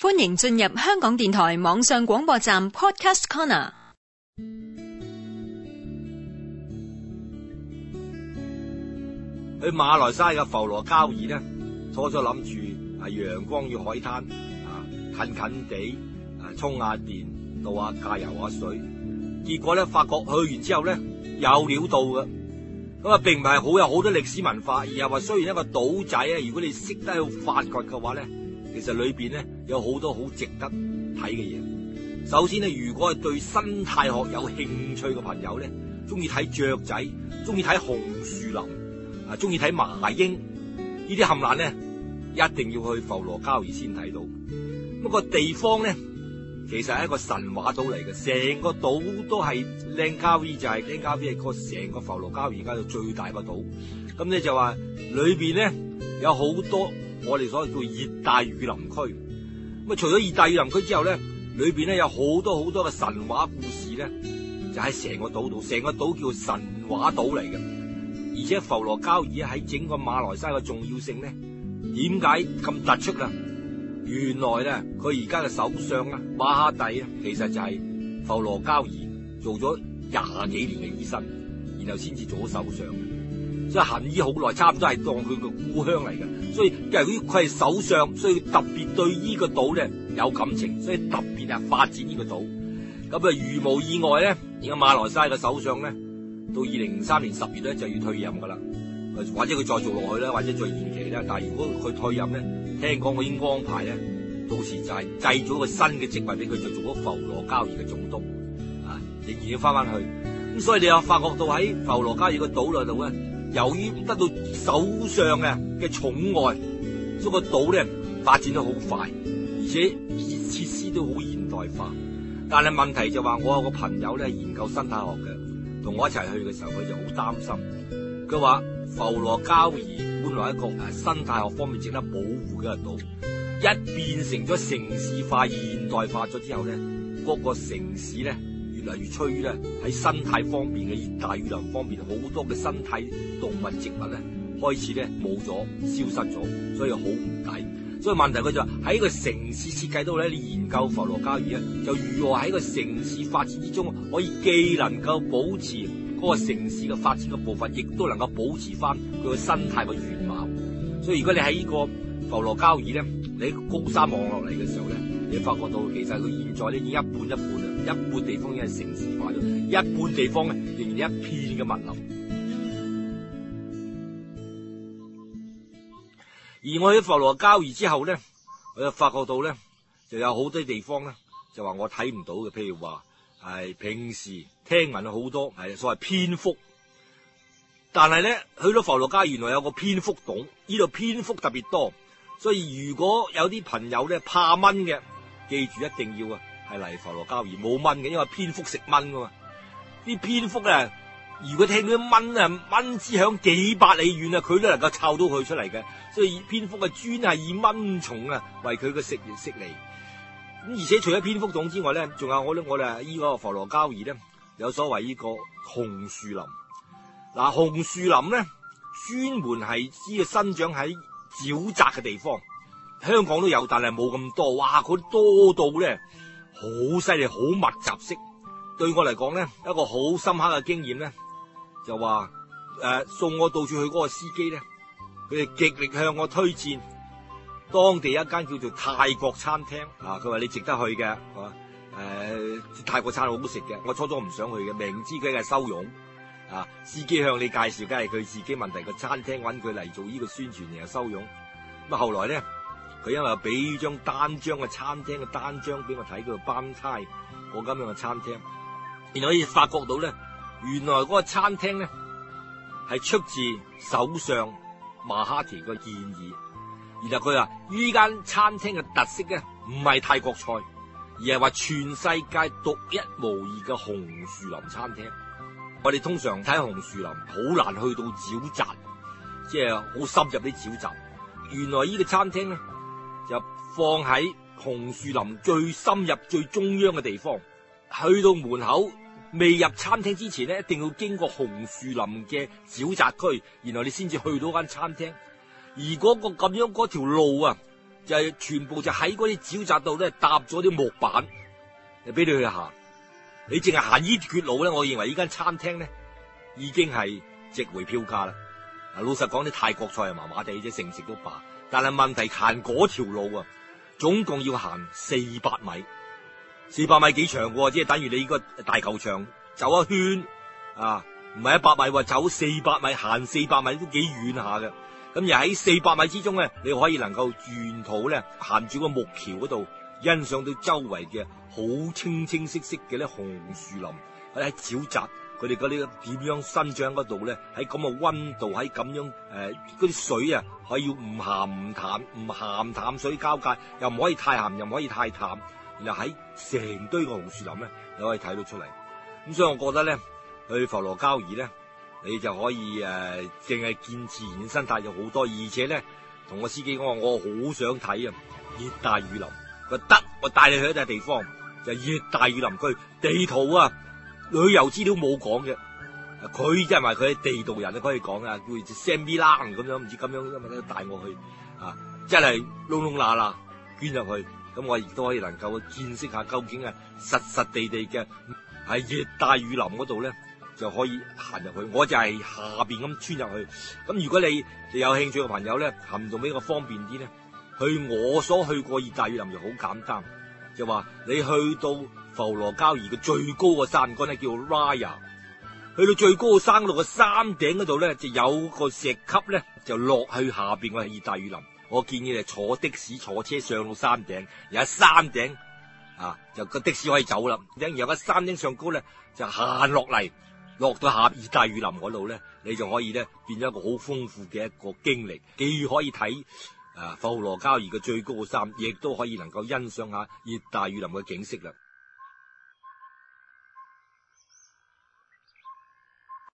歡迎進入香港電台網上廣播站 Podcast Corner。去馬來西亞嘅浮羅交怡咧，初初諗住係陽光與海灘，啊，近近地啊，充下電，度下假，游下水。結果咧，發覺去完之後咧，有料到嘅。咁啊，並唔係好有好多歷史文化，而係話雖然一個島仔啊，如果你識得去發掘嘅話咧。其實裏邊咧，有好多好值得睇嘅嘢。首先咧，如果係對生態學有興趣嘅朋友咧，中意睇雀仔，中意睇紅樹林，啊，中意睇麻鷹呢啲冚爛咧，一定要去浮羅交怡先睇到。咁、那個地方咧，其實係一個神話島嚟嘅，成個島都係靚交怡，就係靚交怡，個成個浮羅交怡而家就最大個島。咁咧就話裏邊咧有好多。我哋所謂叫熱帶雨林區，咁啊除咗熱帶雨林區之後咧，裏邊咧有好多好多嘅神話故事咧，就喺成個島度，成個島叫神話島嚟嘅。而且浮羅交怡喺整個馬來西亞嘅重要性咧，點解咁突出啦？原來咧，佢而家嘅首相啊，瑪哈蒂啊，其實就係浮羅交怡做咗廿幾年嘅醫生，然後先至做咗首相。所以行醫好耐，差唔多係當佢個故鄉嚟嘅。所以由於佢係首相，所以特別對依個島咧有感情，所以特別係發展呢個島。咁啊，如無意外咧，而家馬來西亞嘅首相咧，到二零三年十月咧就要退任噶啦。或者佢再做落去咧，或者再延期咧。但係如果佢退任咧，聽講佢已經安排咧，到時就係制咗一個新嘅職位俾佢，就做咗浮羅交怡嘅總督。啊，仍然要翻翻去。咁所以你又發覺到喺浮羅交怡個島內度咧？由於得到首相嘅寵愛，所以個島咧，發展得好快，而且設施都好現代化。但係問題就話，我有個朋友咧研究生態學嘅，同我一齊去嘅時候，佢就好擔心。佢話浮羅交怡本來一個誒生態學方面值得保護嘅個島，一變成咗城市化、現代化咗之後咧，各個城市咧。越嚟越趨於咧喺生態方面嘅，熱帶雨林方面，好多嘅生態動物、植物咧開始咧冇咗、消失咗，所以好唔抵。所以問題佢就話，喺個城市設計度咧，你研究浮羅交怡咧就如何喺個城市發展之中，可以既能夠保持嗰個城市嘅發展嘅步伐，亦都能夠保持翻佢個生態嘅原貌。所以如果你喺呢個浮羅交怡咧，你喺高山望落嚟嘅時候咧，你發覺到其實佢現在呢，已經一半一半，一半地方已經城市化咗，一半地方咧仍然一片嘅密林。而我去浮羅交怡之後咧，我又發覺到咧就有好多地方咧就話我睇唔到嘅，譬如話係、哎、平時聽聞好多係所謂蝙蝠，但係咧去到浮羅交怡原來有個蝙蝠洞，呢度蝙蝠特別多，所以如果有啲朋友咧怕蚊嘅。記住一定要啊，係嚟浮羅交怡冇蚊嘅，因為蝙蝠食蚊噶嘛。啲蝙蝠啊，如果聽到啲蚊啊蚊滋響幾百里遠啊，佢都能夠抄到佢出嚟嘅。所以蝙蝠嘅專係以蚊蟲啊為佢嘅食食嚟。咁而且除咗蝙蝠種之外咧，仲有我咧我哋啊依個浮羅交怡咧，有所謂呢個紅樹林。嗱、啊、紅樹林咧，專門係只要生長喺沼澤嘅地方。香港都有，但係冇咁多。哇！佢多到咧，好犀利，好密集式。對我嚟講咧，一個好深刻嘅經驗咧，就話誒、呃，送我到處去嗰個司機咧，佢哋極力向我推薦當地一間叫做泰國餐廳啊。佢話你值得去嘅，誒、啊呃，泰國餐好好食嘅。我初初唔想去嘅，明知佢係收佣啊。司機向你介紹，梗係佢自己問題個餐廳，搵佢嚟做呢個宣傳然後收佣。咁啊，後來咧。佢因為俾張單張嘅餐廳嘅單張俾我睇，佢個班差我咁樣嘅餐廳，然後可以發覺到咧，原來嗰個餐廳咧係出自首相瑪哈蒂嘅建議。然後佢話：依間餐廳嘅特色咧，唔係泰國菜，而係話全世界獨一無二嘅紅樹林餐廳。我哋通常睇紅樹林好難去到沼澤，即係好深入啲沼澤。原來依個餐廳咧。就放喺紅樹林最深入最中央嘅地方，去到門口未入餐廳之前咧，一定要經過紅樹林嘅沼澤區，然後你先至去到間餐廳。而嗰、嗰個咁樣嗰條路啊，就係全部就喺嗰啲沼澤度咧搭咗啲木板，就俾你去行。你淨係行呢條路咧，我認為間廳呢間餐廳咧已經係值回票價啦。啊，老實講啲泰國菜啊麻麻地啫，食唔食都罷。但係問題，行嗰條路啊，總共要行四百米，四百米幾長嘅，即係等於你呢個大球場走一圈啊，唔係一百米，話走四百米，行四百米都幾遠下嘅。咁又喺四百米之中咧，你可以能夠沿途咧行住個木橋嗰度，欣賞到周圍嘅好清清晰晰嘅咧紅樹林或者、啊、沼澤。佢哋嗰啲點樣生長嗰度咧？喺咁嘅溫度，喺咁樣誒，嗰、呃、啲水啊，可以唔咸唔淡，唔咸淡水交界，又唔可以太咸，又唔可以太淡，然後喺成堆嘅紅樹林咧，你可以睇到出嚟。咁所以我覺得咧，去浮羅交怡咧，你就可以誒，淨、呃、係見自然生態有好多，而且咧，同個司機講話，我好想睇啊，熱帶雨林。佢得，我帶你去一笪地方，就熱、是、帶雨林區地圖啊。旅遊資料冇講嘅，佢即係話佢係地道人可以講啊，叫 send me 啦咁樣，唔知咁樣，因為咧帶我去啊，真係窿窿罅罅捐入去，咁我亦都可以能夠見識下究竟係，實實地地嘅喺熱帶雨林嗰度咧就可以行入去。我就係下邊咁穿入去。咁如果你有興趣嘅朋友咧，行動比較方便啲咧，去我所去過熱帶雨林就好簡單，就話、是、你去到。浮羅交怡嘅最高嘅山崗咧，叫拉亞，去到最高嘅山路嘅山頂嗰度咧就有個石級咧，就落去下邊個熱帶雨林。我建議你坐的士坐車上到山頂，而喺山頂啊，就個的士可以走啦。然後喺山頂上高咧，就行落嚟，落到下熱帶雨林嗰度咧，你就可以咧變咗一個好豐富嘅一個經歷，既可以睇誒浮羅交怡嘅最高嘅山，亦都可以能夠欣賞下熱帶雨林嘅景色啦。